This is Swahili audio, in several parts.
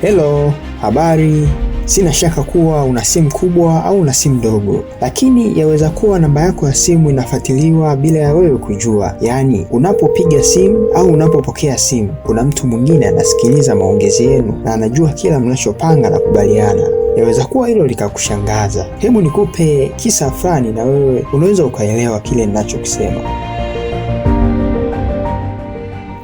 Hello, habari. Sina shaka kuwa una simu kubwa au una simu ndogo, lakini yaweza kuwa namba yako ya simu inafuatiliwa bila ya wewe kujua. Yaani, unapopiga simu au unapopokea simu, kuna mtu mwingine anasikiliza maongezi yenu na anajua kila mnachopanga na kubaliana. Yaweza kuwa hilo likakushangaza. Hebu nikupe kisa fulani, na wewe unaweza ukaelewa kile ninachokisema.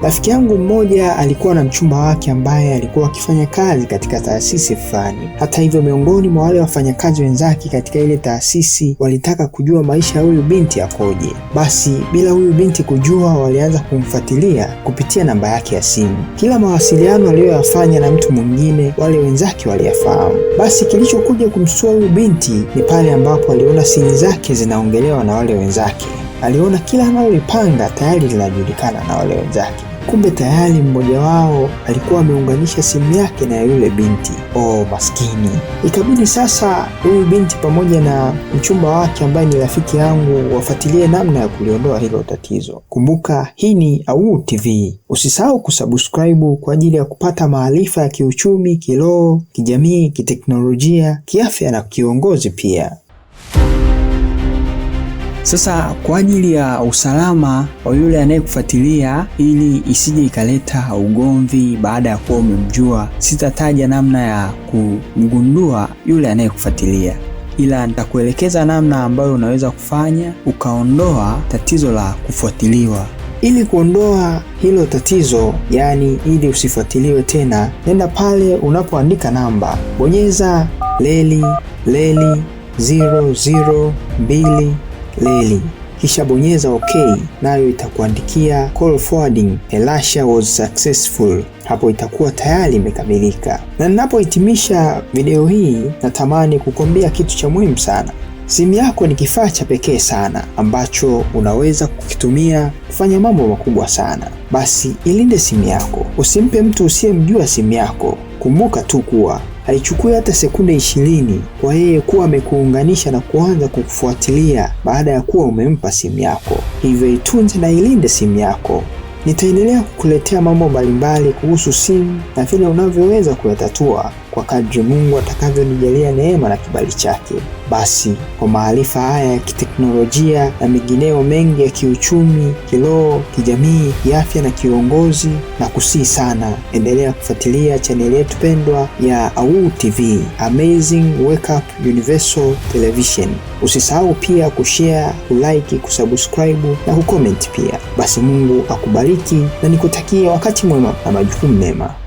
Rafiki yangu mmoja alikuwa na mchumba wake ambaye alikuwa akifanya kazi katika taasisi fulani. Hata hivyo, miongoni mwa wale wafanyakazi wenzake katika ile taasisi walitaka kujua maisha ya huyu binti yakoje. Basi bila huyu binti kujua, walianza kumfuatilia kupitia namba yake ya simu. Kila mawasiliano aliyoyafanya na mtu mwingine, wale wenzake waliyafahamu. Basi kilichokuja kumsua huyu binti ni pale ambapo aliona siri zake zinaongelewa na wale wenzake. Aliona kila analolipanga tayari linajulikana na wale wenzake. Kumbe tayari mmoja wao alikuwa ameunganisha simu yake na yule binti. Oh, maskini! Ikabidi sasa huyu binti pamoja na mchumba wake ambaye ni rafiki yangu wafuatilie namna ya kuliondoa hilo tatizo. Kumbuka hii ni AWUU TV, usisahau kusubscribe kwa ajili ya kupata maarifa ya kiuchumi, kiroho, kijamii, kiteknolojia, kiafya na kiongozi pia. Sasa kwa ajili ya usalama wa yule anayekufuatilia ili isije ikaleta ugomvi baada ya kuwa umemjua, sitataja namna ya kumgundua yule anayekufuatilia ila nitakuelekeza namna ambayo unaweza kufanya ukaondoa tatizo la kufuatiliwa. Ili kuondoa hilo tatizo, yaani ili usifuatiliwe tena, nenda pale unapoandika namba, bonyeza leli leli 002 leli kisha bonyeza OK, nayo itakuandikia call forwarding Elasha was successful. Hapo itakuwa tayari imekamilika. Na ninapohitimisha video hii, natamani kukwambia kitu cha muhimu sana. Simu yako ni kifaa cha pekee sana ambacho unaweza kukitumia kufanya mambo makubwa sana. Basi ilinde simu yako, usimpe mtu usiyemjua simu yako. Kumbuka tu kuwa haichukui hata sekunde ishirini kwa yeye kuwa amekuunganisha na kuanza kukufuatilia baada ya kuwa umempa simu yako. Hivyo itunze na ilinde simu yako. Nitaendelea kukuletea mambo mbalimbali kuhusu simu na vile unavyoweza kuyatatua kwa kadri Mungu atakavyonijalia neema na kibali chake. Basi kwa maarifa haya ya kiteknolojia na mengineo mengi ya kiuchumi, kiroho, kijamii, kiafya na kiuongozi, na kusii sana, endelea kufuatilia chaneli yetu pendwa ya AWUU TV, Amazing Wake Up Universal Television. Usisahau pia kushare, kulike, kusubscribe na kucomment pia. Basi Mungu akubariki na nikutakia wakati mwema na majukumu mema.